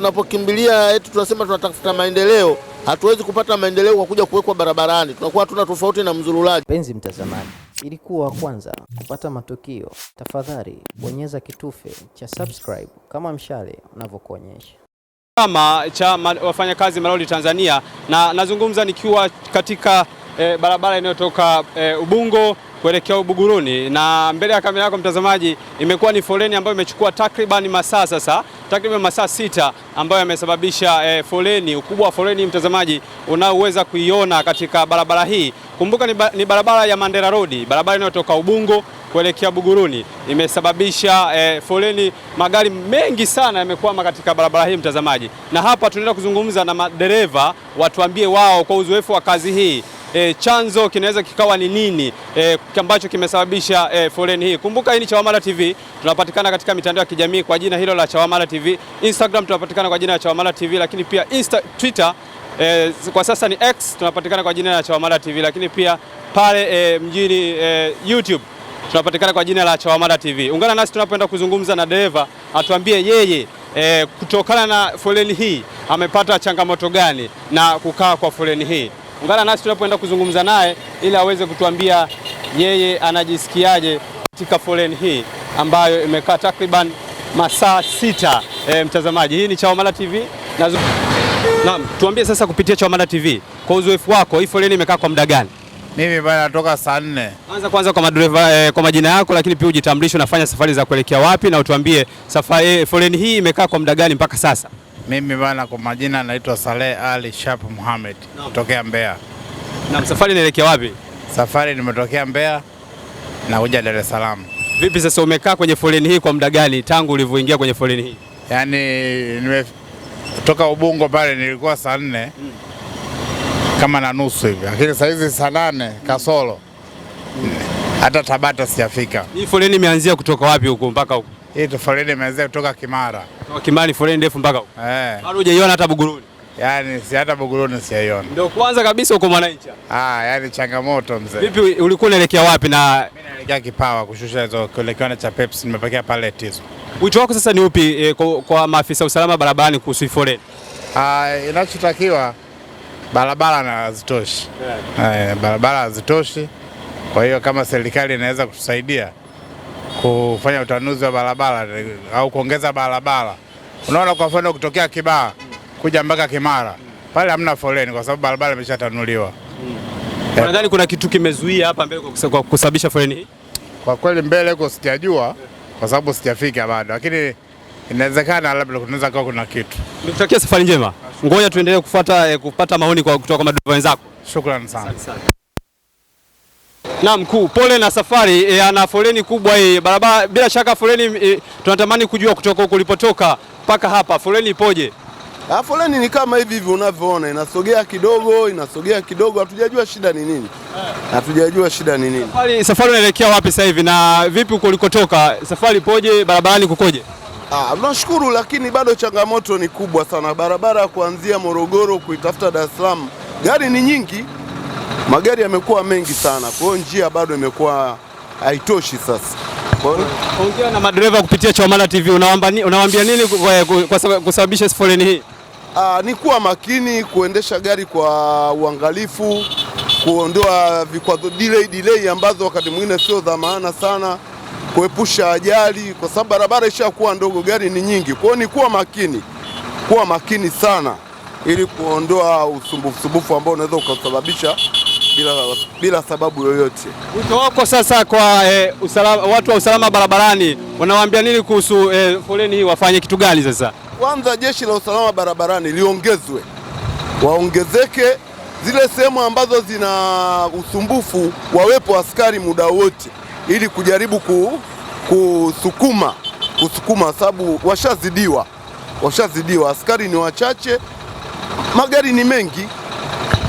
tunapokimbilia eti eh, tunasema tunatafuta maendeleo, hatuwezi kupata maendeleo kwa kuja kuwekwa barabarani. Tunakuwa hatuna tofauti na mzururaji. Mpenzi mtazamaji, ili kuwa wa kwanza kupata matukio, tafadhali bonyeza kitufe cha subscribe kama mshale unavyokuonyesha. Chama cha wafanyakazi malori Tanzania, na nazungumza nikiwa katika e, barabara inayotoka e, Ubungo kuelekea Ubuguruni. Na mbele ya kamera yako mtazamaji, imekuwa ni foleni ambayo imechukua takriban masaa sasa, takriban masaa sita ambayo yamesababisha e, foleni, ukubwa wa foleni mtazamaji unaoweza kuiona katika barabara hii. Kumbuka ni, ba, ni barabara ya Mandela Road, barabara inayotoka Ubungo kuelekea Buguruni imesababisha e, foleni. Magari mengi sana yamekwama katika barabara hii mtazamaji, na hapa tunaenda kuzungumza na madereva watuambie wao kwa uzoefu wa kazi hii e, chanzo kinaweza kikawa ni nini e, ambacho kimesababisha e, foleni hii. Kumbuka hii ni Chawamata TV, tunapatikana katika mitandao ya kijamii kwa jina hilo la Chawamata TV. Instagram tunapatikana kwa jina la Chawamata TV, lakini pia Insta, Twitter e, kwa sasa ni X tunapatikana kwa jina la Chawamata TV, lakini pia pale e, mjini e, YouTube tunapatikana kwa jina la Chawamata TV. Ungana nasi tunapoenda kuzungumza na dereva atuambie yeye e, kutokana na foleni hii amepata changamoto gani na kukaa kwa foleni hii. Ungana nasi tunapoenda kuzungumza naye ili aweze kutuambia yeye anajisikiaje katika foleni hii ambayo imekaa takriban masaa sita. E, mtazamaji, hii ni Chawamata TV. na tuambie sasa kupitia Chawamata TV, kwa uzoefu wako hii foleni imekaa kwa muda gani? Mimi bana natoka saa nne. Anza kwanza kwa madereva eh, kwa majina yako, lakini pia ujitambulishe, unafanya safari za kuelekea wapi, na utuambie safari e, foleni hii imekaa kwa muda gani mpaka sasa? Mimi bana, kwa majina naitwa Saleh Ali Shap Muhamed kutokea Mbeya. Na safari inaelekea wapi? Safari nimetokea Mbeya kuja Dar es Salaam. Vipi sasa, umekaa kwenye foleni hii kwa muda gani tangu ulivyoingia kwenye foleni hii? Yaani nimetoka Ubungo pale nilikuwa saa nne mm. kama na nusu hivi, lakini saa hizi saa nane kasoro hmm. hata Tabata sijafika. Hii foleni imeanzia kutoka wapi huko mpaka huko? Hii tu foleni imeanzia kutoka Kimara. Kutoka Kimara ni foleni ndefu mpaka huko. Eh. Bado hujaiona hata Buguruni. Yaani si hata Buguruni sijaiona. Ndio kwanza kabisa uko Mwananchi. Ah, yaani changamoto mzee. Vipi ulikuwa unaelekea wapi na mimi naelekea Kipawa kushusha hizo kuelekea na cha Pepsi nimepakia pale tizo. Wito wako sasa ni upi e, kwa, kwa maafisa usalama barabarani kuhusu foleni? Ah, inachotakiwa barabara na hazitoshi. Yeah. Eh, barabara hazitoshi. Kwa hiyo kama serikali inaweza kutusaidia kufanya utanuzi wa barabara au kuongeza barabara. Unaona, kwa mfano kutokea kibaa kuja mpaka Kimara pale hamna foleni kwa sababu barabara imeshatanuliwa. Nadhani hmm. kuna kitu kimezuia hapa mbele kwa kusababisha foleni hii. Kwa kweli mbele huko sijajua kwa sababu sijafika bado, lakini inawezekana labda kunaweza kuwa kuna kitu. Nikutakia safari njema, ngoja tuendelee kufuata eh, kupata maoni kutoka kwa madereva wenzako. Shukrani sana. Na mkuu, pole na safari e, ana foleni kubwa hii barabara. Bila shaka foleni e, tunatamani kujua kutoka kulipotoka mpaka hapa foleni ipoje? Ha, ah, foleni ni kama hivi hivi unavyoona, inasogea kidogo, inasogea kidogo, hatujajua shida ni nini, hatujajua shida ni nini. Safari, safari unaelekea wapi sasa hivi na vipi kulikotoka, safari ipoje, barabarani kukoje? Ah, tunashukuru lakini bado changamoto ni kubwa sana. Barabara ya kuanzia Morogoro kuitafuta Dar es Salaam, gari ni nyingi magari yamekuwa mengi sana, kwa hiyo njia bado imekuwa haitoshi sasa. Ongea na madereva kupitia Chawamata TV, unawaambia nini kusababisha foleni hii? Aa, ah, ni kuwa makini kuendesha gari kwa uangalifu, kuondoa vikwazo delay delay ambazo wakati mwingine sio za maana sana, kuepusha ajali, kwa sababu barabara ishakuwa ndogo, gari ni nyingi. Kwa hiyo ni kuwa makini, kuwa makini sana, ili kuondoa usumbufu sumbufu ambao unaweza ukasababisha bila, bila sababu yoyote. Wito wako sasa kwa e, eh, usalama, watu wa usalama barabarani wanawaambia nini kuhusu e, foleni hii, wafanye kitu gani sasa? Kwanza jeshi la usalama barabarani liongezwe, waongezeke zile sehemu ambazo zina usumbufu, wawepo askari muda wote ili kujaribu ku, kusukuma kusukuma, sababu washazidiwa, washazidiwa, askari ni wachache, magari ni mengi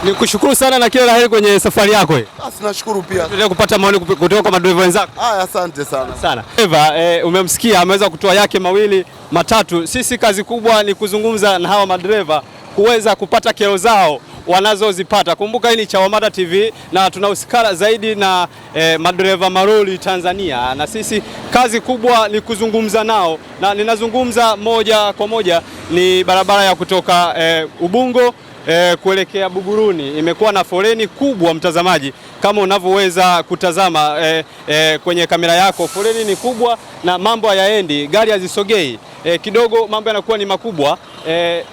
ni kushukuru sana na kila laheri kwenye safari yako. Basi ah, nashukuru pia. Tuendelee kupata maoni kutoka kwa madereva wenzako. Haya, ah, asante sana. Sana. Eva, eh, umemsikia ameweza kutoa yake mawili matatu. Sisi kazi kubwa ni kuzungumza na hawa madereva kuweza kupata kero zao wanazozipata. Kumbuka hii ni Chawamata TV na tunahusikana zaidi na eh, madereva maroli Tanzania, na sisi kazi kubwa ni kuzungumza nao, na ninazungumza moja kwa moja ni barabara ya kutoka eh, Ubungo e, kuelekea Buguruni imekuwa na foleni kubwa, mtazamaji, kama unavyoweza kutazama e, e, kwenye kamera yako, foleni ni kubwa na mambo hayaendi, gari hazisogei e, kidogo mambo yanakuwa ni makubwa e,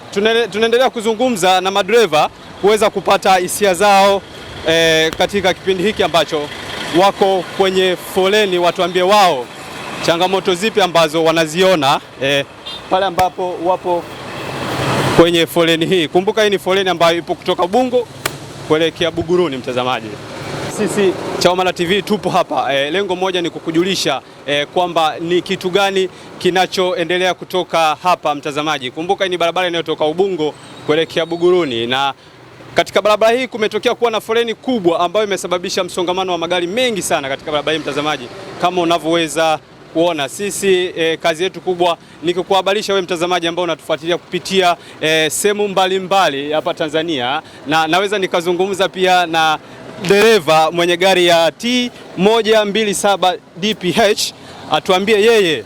tunaendelea kuzungumza na madereva kuweza kupata hisia zao e, katika kipindi hiki ambacho wako kwenye foleni, watuambie wao changamoto zipi ambazo wanaziona e, pale ambapo wapo kwenye foleni hii. Kumbuka hii ni foleni ambayo ipo kutoka Ubungo kuelekea Buguruni, mtazamaji. Sisi Chawamata TV tupo hapa e, lengo moja ni kukujulisha e, kwamba ni kitu gani kinachoendelea kutoka hapa mtazamaji. Kumbuka hii ni barabara inayotoka Ubungo kuelekea Buguruni na katika barabara hii kumetokea kuwa na foleni kubwa ambayo imesababisha msongamano wa magari mengi sana katika barabara hii mtazamaji, kama unavyoweza kuona. Sisi e, kazi yetu kubwa ni kukuhabarisha wewe mtazamaji ambao unatufuatilia kupitia e, sehemu mbalimbali hapa Tanzania, na naweza nikazungumza pia na dereva mwenye gari ya T127 DPH atuambie yeye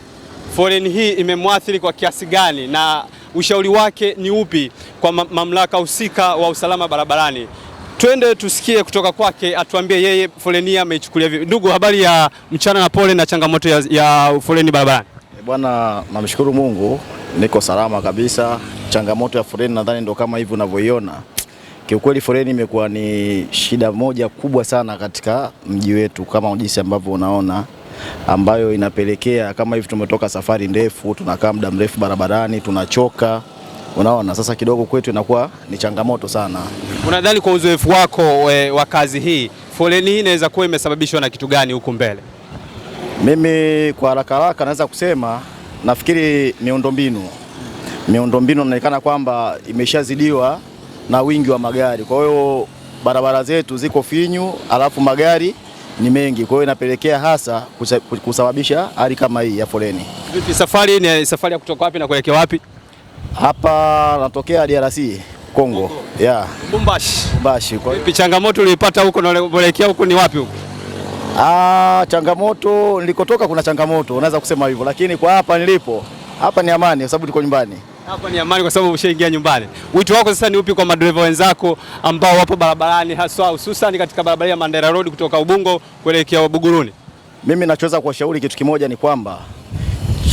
foleni hii imemwathiri kwa kiasi gani na ushauri wake ni upi kwa mamlaka husika wa usalama barabarani. Twende tusikie kutoka kwake, atuambie yeye foleni ameichukulia vipi. Ndugu, habari ya mchana na pole na changamoto ya, ya foleni barabarani. Eh, bwana, namshukuru Mungu niko salama kabisa. Changamoto ya foleni nadhani ndo kama hivi unavyoiona. Kiukweli foleni imekuwa ni shida moja kubwa sana katika mji wetu kama jinsi ambavyo unaona, ambayo inapelekea kama hivi tumetoka safari ndefu, tunakaa muda mrefu barabarani, tunachoka Unaona, sasa kidogo kwetu inakuwa ni changamoto sana. Unadhani kwa uzoefu wako e, wa kazi hii foleni hii inaweza kuwa imesababishwa na kitu gani huku mbele? Mimi kwa haraka haraka naweza kusema nafikiri miundombinu, miundombinu inaonekana kwamba imeshazidiwa na wingi wa magari, kwa hiyo barabara zetu ziko finyu, alafu magari ni mengi, kwa hiyo inapelekea hasa kusababisha hali kama hii ya foleni. Vipi, safari ni safari ya kutoka wapi na kuelekea wapi? Hapa natokea DRC Kongo. Yeah. Mbumbashi. Mbumbashi. Kwa hiyo changamoto uliipata huko na unaelekea huko ni wapi huko? Ah, changamoto nilikotoka kuna changamoto, unaweza kusema hivyo, lakini kwa hapa nilipo hapa ni amani kwa sababu tuko nyumbani. Hapa ni amani kwa sababu ushaingia nyumbani. Wito wako sasa ni upi kwa madereva wenzako ambao wapo barabarani haswa hususan katika barabara ya Mandela Road kutoka Ubungo kuelekea Buguruni? Mimi nachoweza kuwashauri kitu kimoja ni kwamba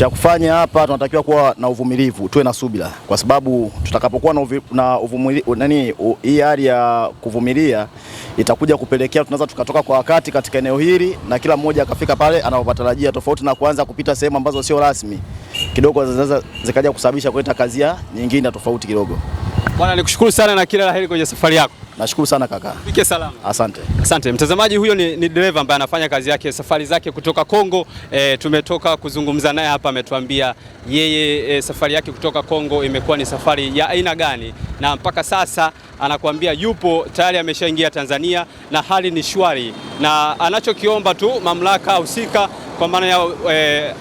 cha kufanya hapa tunatakiwa kuwa na uvumilivu, tuwe na subira, kwa sababu tutakapokuwa na, na uvumilivu nani, hii hali ya kuvumilia itakuja kupelekea tunaweza tukatoka kwa wakati katika eneo hili na kila mmoja akafika pale anapotarajia, tofauti na kuanza kupita sehemu ambazo sio rasmi, kidogo zinaweza zikaja kusababisha kuleta kazi nyingine tofauti kidogo. Bwana nikushukuru sana na kila laheri kwenye safari yako. Nashukuru sana kaka. Fike salama. Asante. Asante. Mtazamaji huyo ni, ni dereva ambaye anafanya kazi yake safari zake kutoka Kongo. E, tumetoka kuzungumza naye hapa ametuambia yeye e, safari yake kutoka Kongo imekuwa ni safari ya aina gani na mpaka sasa anakuambia yupo tayari ameshaingia Tanzania na hali ni shwari na anachokiomba tu mamlaka husika kwa maana ya e,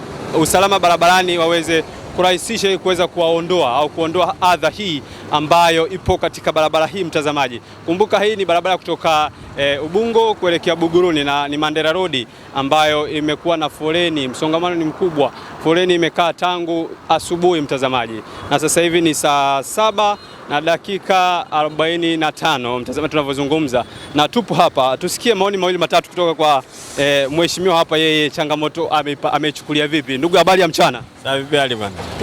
usalama barabarani waweze kurahisisha ili kuweza kuwaondoa au kuondoa adha hii ambayo ipo katika barabara hii. Mtazamaji, kumbuka hii ni barabara kutoka e, Ubungo kuelekea Buguruni na ni Mandela Road ambayo imekuwa na foleni, msongamano ni mkubwa, foleni imekaa tangu asubuhi mtazamaji, na sasa hivi ni saa saba na dakika 45 mtazama tunavyozungumza na tupo hapa, tusikie maoni mawili matatu kutoka kwa e, mheshimiwa hapa, yeye changamoto ame vipi? Ndugu, habari ya mchana.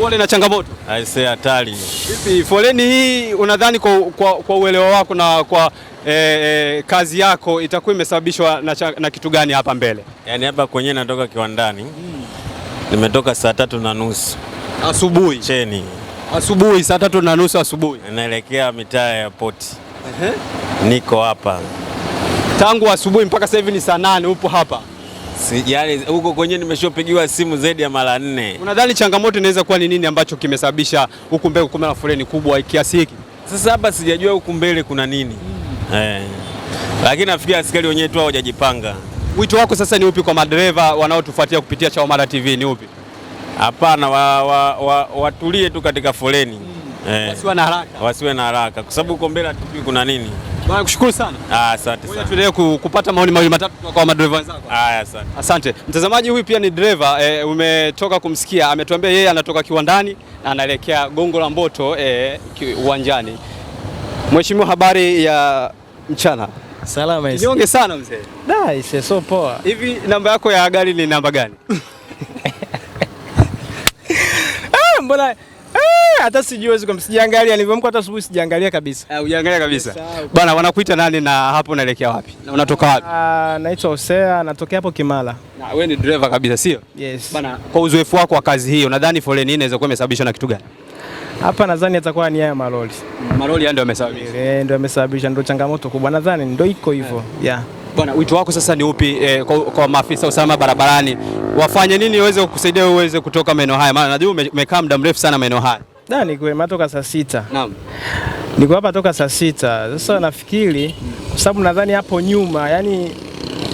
Pole na changamoto. Aisee, hatari. Vipi foleni hii, unadhani kwa, kwa, kwa uelewa wako na kwa e, e, kazi yako itakuwa imesababishwa na, na kitu gani hapa mbele? Yani hapa kwenye natoka kiwandani, hmm. Nimetoka saa tatu na nusu asubuhi cheni Asubuhi saa tatu na nusu asubuhi naelekea mitaa ya poti. uh -huh. Niko hapa tangu asubuhi mpaka sasa hivi ni saa nane. Upo hapa sijali, huko kwenyewe nimeshopigiwa simu zaidi ya mara nne. Unadhani changamoto inaweza kuwa ni nini ambacho kimesababisha huku mbele kuna foleni kubwa kiasi hiki? Sasa hapa sijajua huku mbele kuna nini. hmm. Eh, lakini nafikiri askari wenyewe tu hawajajipanga. Wito wako sasa ni upi kwa madereva wanaotufuatia kupitia Chawamata TV ni upi? Hapana, wa, wa, wa, watulie tu katika foleni mm. eh, wasiwe na haraka kwa sababu huko mbele hatujui kuna nini. Bwana, kushukuru sana. Ah, asante sana. Tuendelee kupata maoni mawili matatu kwa madereva wenzako. Ah, asante. Asante. Mtazamaji huyu pia ni dereva e, eh, umetoka kumsikia ametuambia yeye anatoka kiwandani na anaelekea Gongo la Mboto e, eh, uwanjani. Mheshimiwa, habari ya mchana? Salama. Niongee sana mzee. Da, ise so poa. Hivi namba yako ya gari ni namba gani? mbona eh, hata sijiwezi sijiangalia sijaangalia hata asubuhi sijiangalia kabisa. Eh, ujiangalia kabisa bwana. Wanakuita nani na hapo unaelekea wapi na unatoka wapi? Ah, naitwa Hosea, natokea hapo Kimara. Na wewe ni driver kabisa, sio? Yes. Bwana, kwa uzoefu wako wa kazi hiyo nadhani foleni inaweza kuwa imesababishwa na kitu gani? Hapa nadhani atakuwa ni haya maroli. Maroli ndio yamesababisha, eh, ndio yamesababisha, ndio changamoto kubwa nadhani, ndio iko hivyo yeah. yeah. Bwana, wito wako sasa ni upi eh, kwa, kwa maafisa usalama barabarani wafanye nini waweze kukusaidia uweze kutoka maeneo haya, maana najua umekaa muda mrefu sana maeneo haya? Da, ni kwema toka saa sita. Naam. Niko hapa toka saa sita. Sasa nafikiri kwa sababu nadhani hapo nyuma yani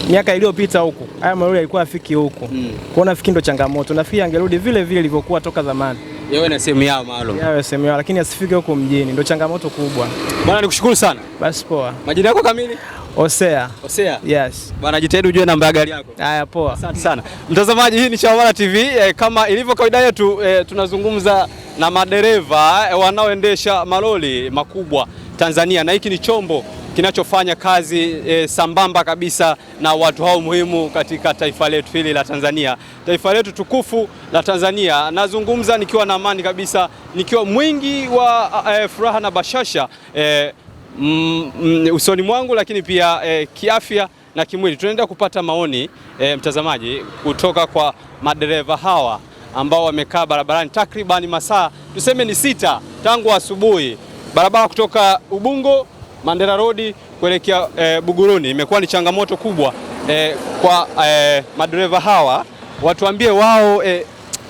miaka iliyopita huku haya malori yalikuwa afiki huku mm. Kwa nafikiri ndo changamoto, nafikiri angerudi vile vile ilivyokuwa toka zamani, yawe na sehemu yao maalum, yawe sehemu yao, lakini asifike huko mjini, ndo changamoto kubwa bwana. Nikushukuru sana. Basi poa. Majina yako kamili? Osea. Osea. Yes. Bwana jitahidi ujue namba ya gari yako. Haya poa. Asante sana. Mtazamaji, hii ni Shawarma TV eh, kama ilivyo kawaida yetu eh, tunazungumza na madereva eh, wanaoendesha malori makubwa Tanzania na hiki ni chombo kinachofanya kazi e, sambamba kabisa na watu hao muhimu katika taifa letu hili la Tanzania, taifa letu tukufu la Tanzania. Nazungumza nikiwa na amani kabisa, nikiwa mwingi wa e, furaha na bashasha e, mm, mm, usoni mwangu, lakini pia eh, kiafya na kimwili. Tunaenda kupata maoni eh, mtazamaji, kutoka kwa madereva hawa ambao wamekaa barabarani takribani masaa tuseme ni sita tangu asubuhi. Barabara kutoka Ubungo Mandela Road kuelekea eh, Buguruni imekuwa ni changamoto kubwa eh, kwa eh, madereva hawa. Watuambie wao eh,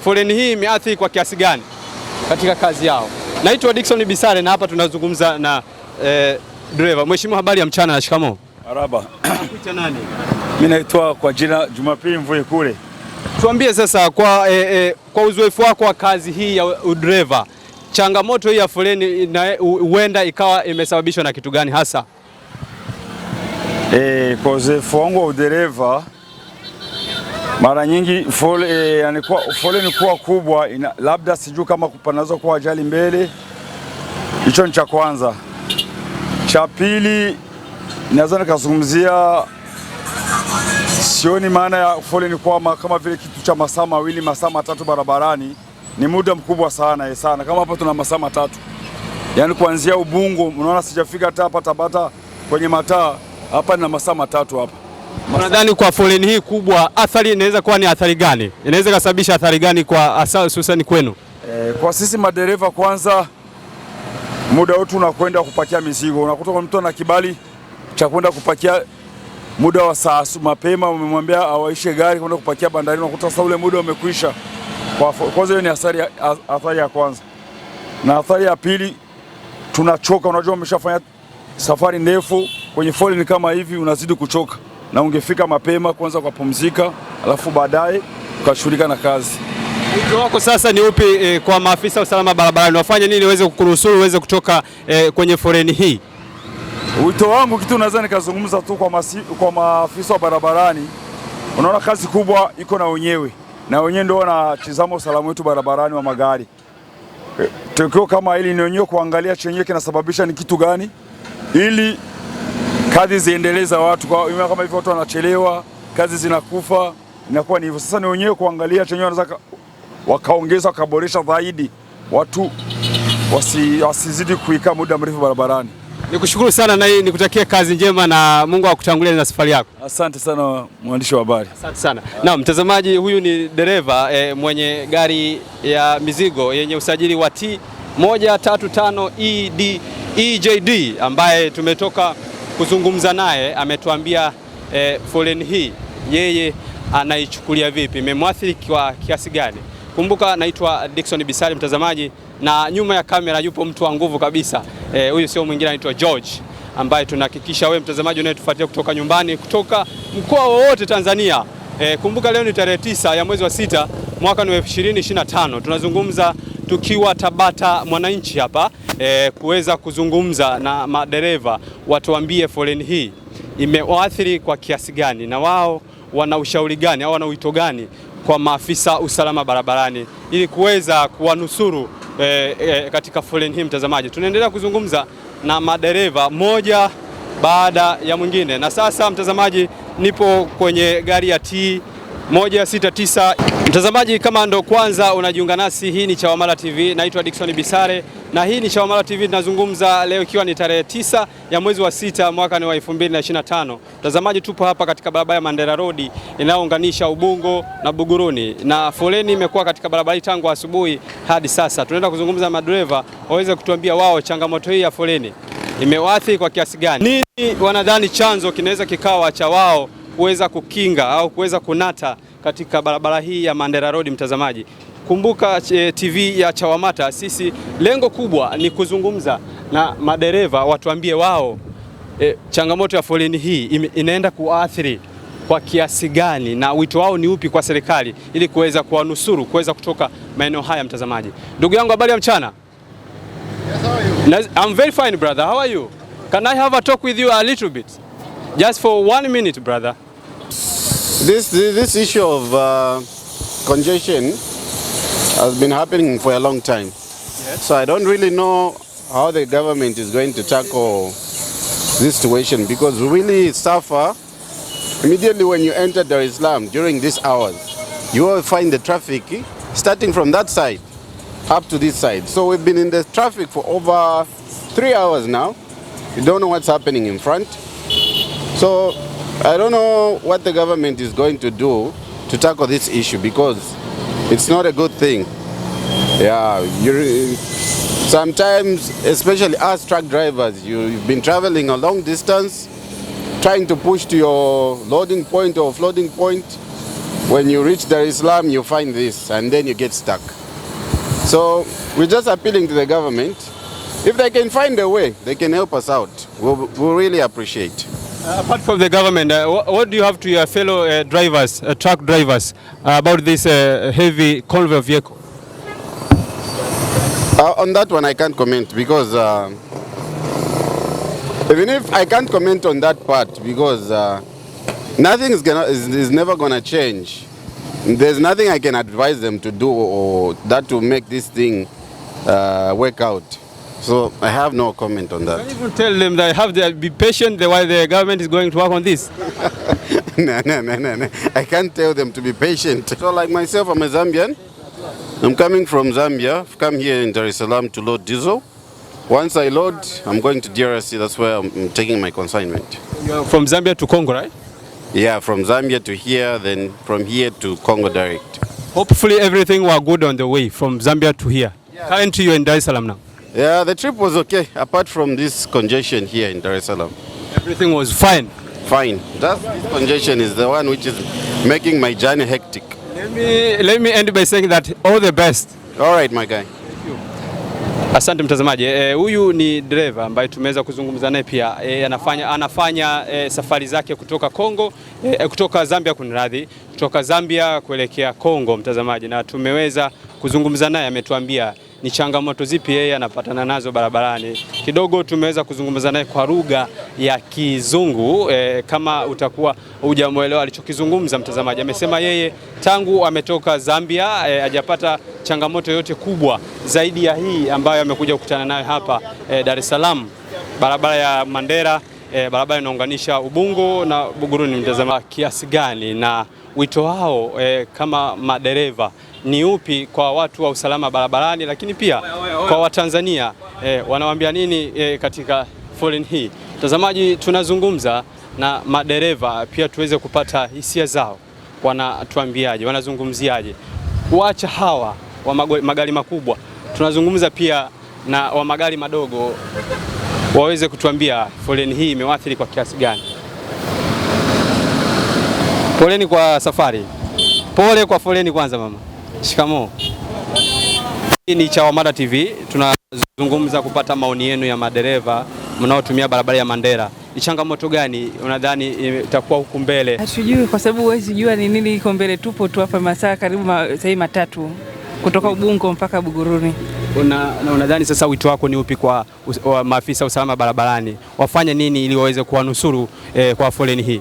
foleni hii imeathiri kwa kiasi gani katika kazi yao. Naitwa Dickson Bisare na hapa tunazungumza na Eh, dereva mheshimiwa, habari ya mchana na shikamo. Marhaba. Unakuita nani? Mimi naitwa kwa jina Jumapili Mvui kule. Tuambie sasa kwa, eh, eh, kwa uzoefu wako wa kazi hii ya udereva, changamoto hii ya foleni huenda ikawa imesababishwa na kitu gani hasa? Eh, kwa uzoefu wangu wa udereva mara nyingi eh, foleni fole kuwa kubwa ina, labda sijui kama panaweza kwa ajali mbele. Hicho ni cha kwanza. Cha pili naweza nikazungumzia, sioni maana ya foleni kwama kama vile kitu cha masaa mawili masaa matatu barabarani ni muda mkubwa sana eh, sana. Kama hapa tuna masaa matatu, yani kuanzia Ubungo, unaona sijafika hata hapa Tabata kwenye mataa hapa, nina masaa matatu hapa. Unadhani kwa foleni hii kubwa athari inaweza kuwa ni athari gani? Inaweza kusababisha athari gani kwa hususan kwenu? E, kwa sisi madereva kwanza muda wote unakwenda kupakia mizigo. Unakuta mtu ana kibali cha kwenda kupakia muda wa saa mapema, umemwambia awaishe gari kwenda kupakia bandarini, unakuta sasa ule muda umekwisha. Kwanza hiyo ni athari, athari ya kwanza, na athari ya pili tunachoka. Unajua, umeshafanya safari ndefu kwenye foleni kama hivi, unazidi kuchoka, na ungefika mapema kwanza ukapumzika, alafu baadaye ukashughulika na kazi. Wito wako sasa ni upi e, kwa maafisa wa usalama barabarani wafanye nini waweze kukuruhusu uweze kutoka e, kwenye foreni hii? Wito wangu kitu naweza nikazungumza tu kwa, masi, kwa maafisa wa barabarani, unaona kazi kubwa iko na wenyewe na wenyewe ndio wanatizama usalama wetu barabarani wa magari. Tukio kama hili ni wenyewe kuangalia chenyewe kinasababisha ni kitu gani, ili kazi ziendeleza watu. Kwa kama hivyo watu wanachelewa, kazi zinakufa, inakuwa ni hivyo. Sasa ni wenyewe kuangalia chenyewe wanaweza wakaongeza wakaboresha zaidi, watu wasi, wasizidi kuikaa muda mrefu barabarani. Nikushukuru sana na nikutakia kazi njema na Mungu akutangulie na safari yako. Asante sana mwandishi wa habari. Asante sana. Naam, mtazamaji, huyu ni dereva e, mwenye gari ya mizigo yenye usajili wa T 135 ED EJD ambaye tumetoka kuzungumza naye ametuambia e, foleni hii yeye anaichukulia vipi, imemwathiri kwa kiasi gani? Kumbuka naitwa Dickson Bisari, mtazamaji, na nyuma ya kamera yupo mtu wa nguvu kabisa. E, huyu e, sio mwingine anaitwa George ambaye tunahakikisha wewe mtazamaji unayetufuatia kutoka nyumbani, kutoka mkoa wowote Tanzania. E, kumbuka leo ni tarehe tisa ya mwezi wa sita mwaka ni 2025. Tunazungumza tukiwa Tabata Mwananchi hapa e, kuweza kuzungumza na madereva watuambie foleni hii imewaathiri kwa kiasi gani na wao wana ushauri gani au wana wito gani kwa maafisa usalama barabarani ili kuweza kuwanusuru e, e, katika foleni hii. Mtazamaji, tunaendelea kuzungumza na madereva moja baada ya mwingine, na sasa mtazamaji, nipo kwenye gari ya T 169. Mtazamaji, kama ndo kwanza unajiunga nasi, hii ni Chawamata TV, naitwa Dickson Bisare na hii ni Shawamala TV tunazungumza leo ikiwa ni tarehe tisa ya mwezi wa sita mwaka ni wa 2025. Mtazamaji, tupo hapa katika barabara ya Mandela Road inayounganisha Ubungo na Buguruni, na foleni imekuwa katika barabara hii tangu asubuhi hadi sasa. Tunaenda kuzungumza na madereva waweze kutuambia wao changamoto hii ya foleni imewaathiri kwa kiasi gani, nini wanadhani chanzo kinaweza kikawa cha wao kuweza kukinga au kuweza kunata katika barabara hii ya Mandela Road. Mtazamaji, Kumbuka eh, TV ya Chawamata, sisi lengo kubwa ni kuzungumza na madereva watuambie wao e, changamoto ya foleni hii inaenda kuathiri kwa kiasi gani na wito wao ni upi kwa serikali ili kuweza kuwanusuru kuweza kutoka maeneo haya. Mtazamaji, ndugu yangu, habari ya mchana. Yes, how are you? I'm very fine brother. How are you? Can I have a talk with you a little bit? Just for one minute brother. This, this issue of uh, congestion has been happening for a long time. Yes. So I don't really know how the government is going to tackle this situation because we really suffer. Immediately when you enter Dar es Salaam during these hours, you will find the traffic starting from that side up to this side. So we've been in the traffic for over three hours now. You don't know what's happening in front. So I don't know what the government is going to do to tackle this issue because it's not a good thing. Yeah, you sometimes, especially us truck drivers, you, you've been traveling a long distance, trying to push to your loading point or flooding point. When you reach Dar es Salaam, you find this, and then you get stuck. So we're just appealing to the government. If they can find a way, they can help us out. We'll, we we'll really appreciate. Uh, apart from the government, uh, what, do you have to your fellow uh, drivers, uh, truck drivers, uh, about this uh, heavy convoy vehicle? Uh, on that one I can't comment because uh, even if I can't comment on that part because uh, nothing is, gonna, is, is never going to change. There's nothing I can advise them to do or that to make this thing uh, work out. So I have no comment on that. Can you even tell them that I have to be patient while the government is going to work on this? No, no, no, no, no. I can't tell them to be patient. So like myself, I'm a Zambian. I'm coming from Zambia. I've come here in Dar es Salaam to load diesel. Once I load, I'm going to DRC. That's where I'm taking my consignment. You're from Zambia to Congo, right? Yeah, from Zambia to here, then from here to Congo direct. Hopefully everything were good on the way from Zambia to here. Yeah. Currently you're in Dar es Salaam now. Yeah, the trip was okay apart from this congestion here in Dar es Salaam. Everything was fine. Fine. Just this congestion is the one which is making my journey hectic. Let me, let me end by saying that all the best. All right, my guy. Asante mtazamaji. E, huyu ni dereva ambaye tumeweza kuzungumza naye pia. E, anafanya, anafanya e, safari zake kutoka Kongo e, kutoka Zambia kunradhi, kutoka Zambia kuelekea Kongo mtazamaji, na tumeweza kuzungumza naye, ametuambia ni changamoto zipi yeye anapatana nazo barabarani. Kidogo tumeweza kuzungumza naye kwa lugha ya Kizungu e, kama utakuwa hujamuelewa alichokizungumza mtazamaji. Amesema yeye tangu ametoka Zambia e, hajapata changamoto yoyote kubwa zaidi ya hii ambayo amekuja kukutana nayo hapa e, Dar es Salaam, barabara ya Mandera e, barabara inaunganisha Ubungo na Buguruni. Mtazamaji, kiasi gani na wito wao e, kama madereva ni upi kwa watu wa usalama barabarani, lakini pia kwa Watanzania eh, wanawaambia nini eh, katika foleni hii. Mtazamaji, tunazungumza na madereva pia tuweze kupata hisia zao, wanatuambiaje, wanazungumziaje kuacha hawa wa magari makubwa. Tunazungumza pia na wa magari madogo waweze kutuambia foleni hii imewathiri kwa kiasi gani. Poleni kwa safari. Pole kwa foleni kwanza mama shikamo Hii ni Chawamata TV. Tunazungumza kupata maoni yenu ya madereva mnaotumia barabara ya Mandela. Ni changamoto gani unadhani itakuwa huku mbele? Hatujui kwa sababu huwezi jua ni nini iko mbele. Tupo tu hapa masaa karibu sahii matatu kutoka Ubungo mpaka Buguruni. Una, unadhani sasa wito wako ni upi kwa maafisa usalama barabarani, wafanye nini ili waweze kuwanusuru eh, kwa foleni hii?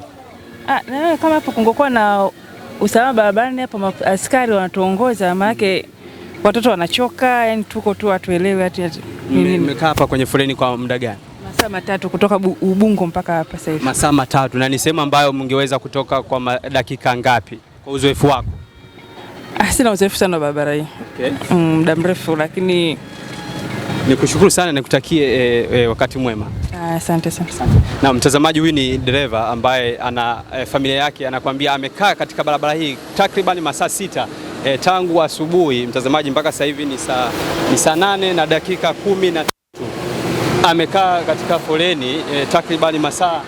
Ah, kama hapo kungekuwa na usalama barabarani hapa askari wanatuongoza, maanake watoto wanachoka, yani tuko tu atuelewe hata nini. Nimekaa hapa kwenye foleni kwa muda gani? Masaa matatu kutoka Ubungo mpaka hapa sasa hivi. Masaa matatu, na ni sehemu ambayo mngeweza kutoka kwa dakika ngapi kwa uzoefu wako? Ah, sina uzoefu sana wa barabara hii mm, muda mm, mrefu, lakini nikushukuru sana nikutakie eh, eh, wakati mwema. Asante sana sana. Na mtazamaji, huyu ni dereva ambaye ana e, familia yake anakuambia amekaa katika barabara hii takriban masaa sita e, tangu asubuhi mtazamaji, mpaka sasa hivi ni saa ni saa nane na dakika kumi na tatu amekaa katika foleni e, takriban masaa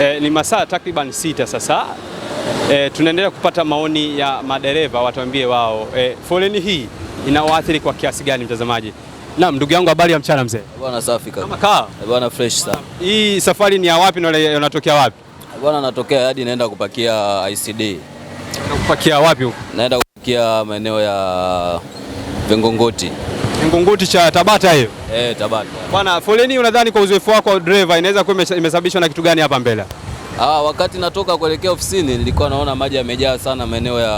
e, ni masaa takriban sita sasa. E, tunaendelea kupata maoni ya madereva watuambie wao e, foleni hii inawaathiri kwa kiasi gani mtazamaji. Naam, ndugu yangu, habari ya mchana mzee. Eh, bwana safi kaka. Kama eh, bwana fresh sana. Hii safari ni ya wapi na unatokea wapi? Eh, bwana natokea hadi naenda kupakia ICD. Na kupakia wapi huko? Naenda kupakia maeneo ya Vingongoti. vingunguti cha Tabata hiyo? Eh, Tabata. Bwana, foleni unadhani kwa uzoefu wako driver inaweza kuwa imesababishwa na kitu gani hapa mbele? Ah, wakati natoka kuelekea ofisini nilikuwa naona maji yamejaa sana maeneo ya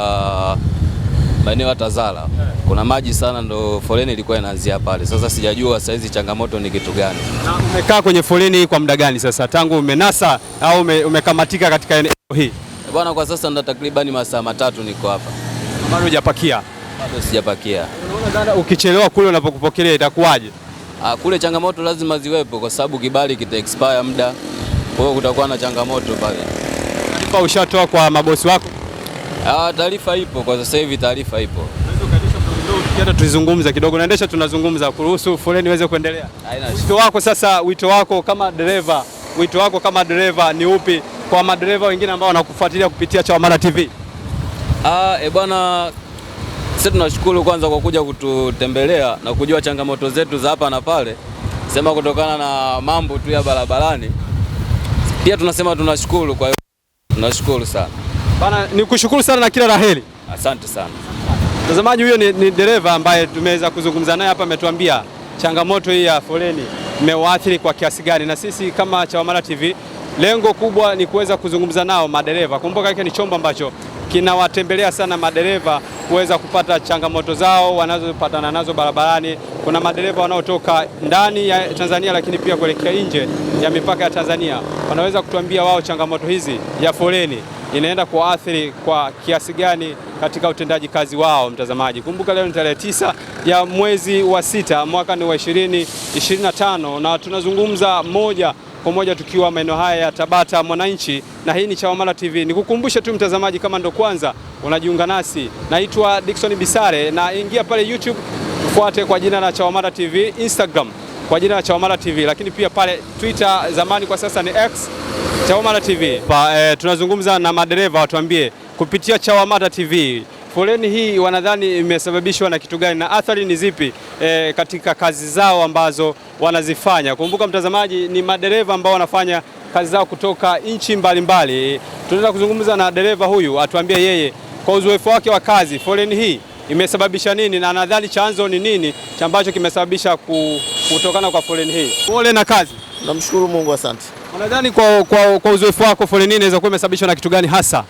maeneo ya Tazara kuna maji sana, ndo foleni ilikuwa inaanzia pale. Sasa sijajua hizi changamoto ni kitu gani. Na umekaa kwenye foleni kwa muda gani sasa tangu umenasa au ume, umekamatika katika eneo hii? Bwana, kwa sasa ndo takribani masaa matatu niko hapa, bado hujapakia? Bado sijapakia. Unaona ukichelewa kule unapokupokelea itakuwaje? Ah, kule changamoto lazima ziwepo kwa sababu kibali kita expire muda, kwa hiyo kutakuwa na changamoto pale. Ushatoa kwa mabosi wako? Ah, taarifa ipo kwa sasa hivi, taarifa ipo. Hata tuizungumza kidogo, naendesha, tunazungumza kuruhusu foleni iweze kuendelea. Wito wako sasa, wito wako kama dereva, wito wako kama dereva ni upi kwa madereva wengine ambao wanakufuatilia kupitia Chawamata TV? Ah, e bwana, sisi tunashukuru kwanza kwa kuja kututembelea na kujua changamoto zetu za hapa na pale, sema kutokana na mambo tu ya barabarani. Pia tunasema tunashukuru, kwa hiyo tunashukuru sana. Bana, kushukuru sana na kila la Asante sana mtazamaji. Huyo ni, ni dereva ambaye tumeweza kuzungumza naye hapa, ametuambia changamoto hii ya foleni imewaathiri kwa kiasi gani, na sisi kama Chawamata TV lengo kubwa ni kuweza kuzungumza nao madereva. Kumbuka hiki ni chombo ambacho kinawatembelea sana madereva kuweza kupata changamoto zao wanazopatana nazo barabarani. Kuna madereva wanaotoka ndani ya Tanzania, lakini pia kuelekea nje ya mipaka ya Tanzania, wanaweza kutuambia wao changamoto hizi ya foleni inaenda kuathiri kwa kiasi gani katika utendaji kazi wao. Mtazamaji, kumbuka leo ni tarehe tisa ya mwezi wa sita mwaka ni wa 2025 na tunazungumza moja kwa moja tukiwa maeneo haya ya Tabata Mwananchi, na hii ni Chawamata TV. Nikukumbushe tu mtazamaji, kama ndo kwanza unajiunga nasi, naitwa Dickson Bisare, na ingia pale YouTube tufuate kwa jina la Chawamata TV, Instagram kwa jina la Chawamata TV, lakini pia pale Twitter zamani kwa sasa ni X Chawamata TV. Pa, e, tunazungumza na madereva watuambie kupitia Chawamata TV foleni hii wanadhani imesababishwa na kitu gani na athari ni zipi e, katika kazi zao ambazo wanazifanya. Kumbuka mtazamaji, ni madereva ambao wanafanya kazi zao kutoka nchi mbalimbali. Tunaweza kuzungumza na dereva huyu atuambie yeye kwa uzoefu wake wa kazi foleni hii imesababisha nini na nadhani chanzo ni nini ambacho kimesababisha kutokana kwa foleni hii. Pole na kazi. Namshukuru Mungu, asante. Unadhani kwa, kwa, kwa uzoefu wako foleni inaweza kuwa imesababishwa na kitu gani hasa?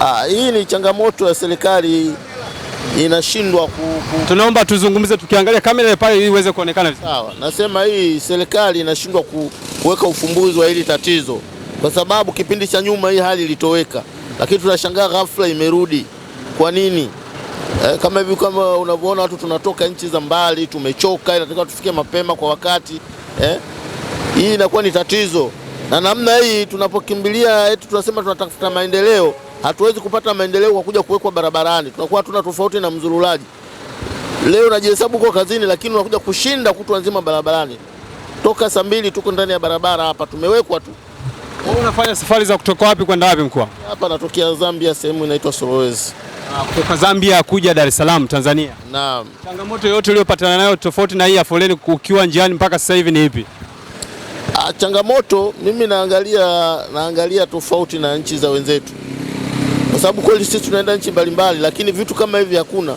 Ah, hii ni changamoto ya serikali inashindwa ku, ku... Tunaomba tuzungumze tukiangalia kamera pale ili iweze kuonekana vizuri. Sawa. Nasema hii serikali inashindwa ku, kuweka ufumbuzi wa hili tatizo kwa sababu kipindi cha nyuma hii hali ilitoweka, lakini tunashangaa ghafla imerudi. Kwa nini? E, kama hivi kama unavyoona watu tunatoka nchi za mbali, tumechoka, inatakiwa tufike mapema kwa wakati e. Hii inakuwa ni tatizo, na namna hii tunapokimbilia eti eh, tunasema tunatafuta maendeleo, hatuwezi kupata maendeleo kwa kuja kuwekwa barabarani. Tunakuwa hatuna tofauti na mzurulaji. Leo unajihesabu kwa kazini, lakini unakuja kushinda kutwa nzima barabarani. Toka saa mbili tuko ndani ya barabara hapa, tumewekwa tu. Wewe unafanya safari za kutoka wapi kwenda wapi mkuu? Hapa natokea Zambia, sehemu inaitwa Solwezi. Ah, kutoka Zambia kuja Dar es Salaam Tanzania. Naam. Changamoto yote uliyopatana nayo tofauti na hii ya foleni ukiwa njiani mpaka sasa hivi ni ipi? Ah, changamoto mimi naangalia, naangalia tofauti na nchi za wenzetu, kwa sababu kweli sisi tunaenda nchi mbalimbali, lakini vitu kama hivi hakuna.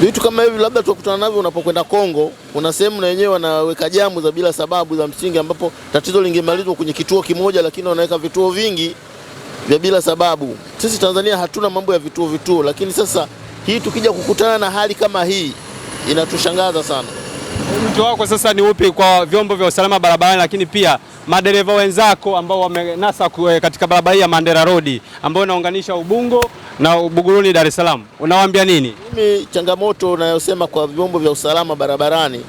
Vitu kama hivi labda tukutana navyo unapokwenda Kongo. Kuna sehemu na wenyewe wanaweka jamu za bila sababu za msingi, ambapo tatizo lingemalizwa kwenye kituo kimoja, lakini wanaweka vituo vingi vya bila sababu. Sisi Tanzania hatuna mambo ya vituo vituo, lakini sasa hii tukija kukutana na hali kama hii inatushangaza sana wito wako sasa ni upi kwa vyombo vya usalama barabarani, lakini pia madereva wenzako ambao wamenasa eh, katika barabara ya Mandela Road ambayo inaunganisha Ubungo na Buguruni Dar es Salaam, unawaambia nini? Mimi changamoto unayosema kwa vyombo vya usalama barabarani,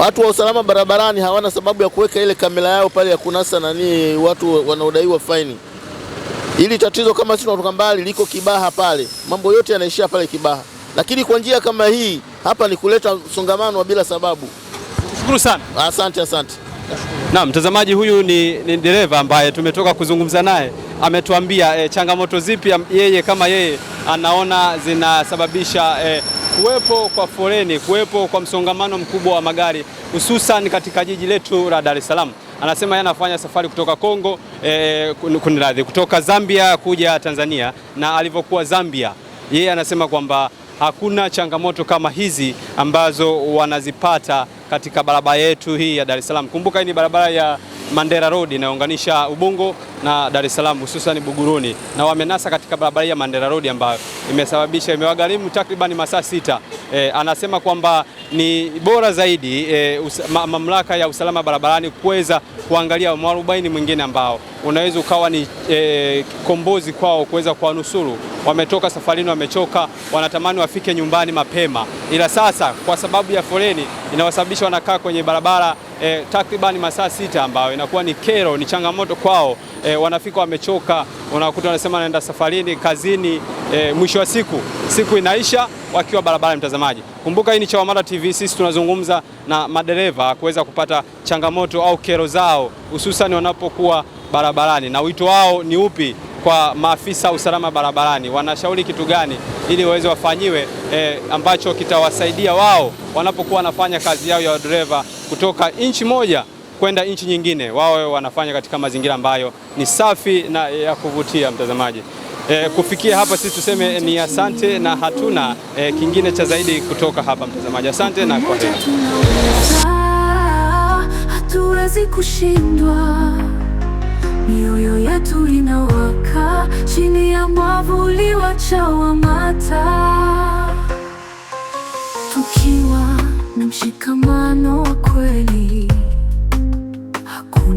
watu wa usalama barabarani hawana sababu ya kuweka ile kamera yao pale ya kunasa nani watu wanaodaiwa faini. Ili tatizo kama sisi tunatoka mbali, liko Kibaha pale, mambo yote yanaishia pale Kibaha, lakini kwa njia kama hii hapa ni kuleta msongamano bila sababu. Shukuru sana, asante asante. Na mtazamaji huyu ni, ni dereva ambaye tumetoka kuzungumza naye, ametuambia e, changamoto zipi yeye kama yeye anaona zinasababisha e, kuwepo kwa foleni, kuwepo kwa msongamano mkubwa wa magari hususan katika jiji letu la Dar es Salaam. Anasema yeye anafanya safari kutoka Kongo e, kuniradhi, kutoka Zambia kuja Tanzania, na alivyokuwa Zambia yeye anasema kwamba hakuna changamoto kama hizi ambazo wanazipata katika barabara yetu hii ya Dar es Salaam. Kumbuka hii ni barabara ya mandera Road inayounganisha Ubungo na Dar es Salaam hususan Buguruni, na wamenasa katika barabara ya Mandera Road ambayo imesababisha imewagharimu takriban masaa sita. E, anasema kwamba ni bora zaidi e, ma, mamlaka ya usalama barabarani kuweza kuangalia mwarobaini mwingine ambao unaweza ukawa ni e, kombozi kwao kuweza kuwanusuru. Wametoka safarini, wamechoka, wanatamani wafike nyumbani mapema, ila sasa kwa sababu ya foleni inawasababisha wanakaa kwenye barabara e, takribani masaa sita ambayo inakuwa ni kero, ni changamoto kwao. E, wanafika wamechoka, unakuta wanasema naenda safarini, kazini. E, mwisho wa siku siku inaisha wakiwa barabarani. Mtazamaji, kumbuka hii ni Chawamata TV, sisi tunazungumza na madereva kuweza kupata changamoto au kero zao hususan wanapokuwa barabarani, na wito wao ni upi kwa maafisa usalama barabarani, wanashauri kitu gani ili waweze wafanyiwe e, ambacho kitawasaidia wao wanapokuwa wanafanya kazi yao ya wadereva kutoka nchi moja kwenda nchi nyingine, wao wanafanya katika mazingira ambayo ni safi na ya kuvutia mtazamaji. E, kufikia hapa sisi tuseme ni asante na hatuna e, kingine cha zaidi kutoka hapa mtazamaji. Asante na kwaheri. Hatuwezi kushindwa mioyo yetu inawaka chini ya mwavuli wa CHAWAMATA, tukiwa na mshikamano wa kweli